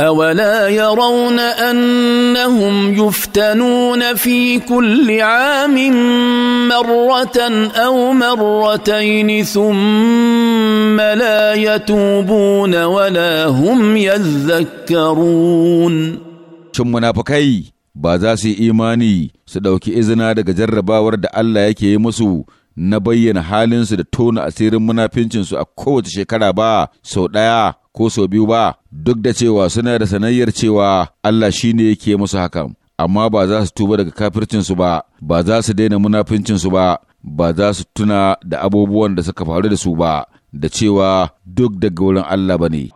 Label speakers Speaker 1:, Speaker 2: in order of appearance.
Speaker 1: أولا يرون أنهم يفتنون في كل عام مرة أو مرتين ثم لا يتوبون ولا هم
Speaker 2: يذكرون شم منافقي ba za su yi imani su
Speaker 3: ɗauki izina daga jarrabawar da Allah yake yi musu na bayyana halinsu da tona asirin munafincinsu a kowace shekara ba sau ɗaya ko sau biyu ba duk da cewa suna da sanayyar cewa Allah shi ne yake musu hakan amma ba za su tuba daga kafircinsu ba ba za su daina munafincinsu ba ba za su tuna da abubuwan da suka faru da su ba da cewa duk daga wurin Allah ba ne.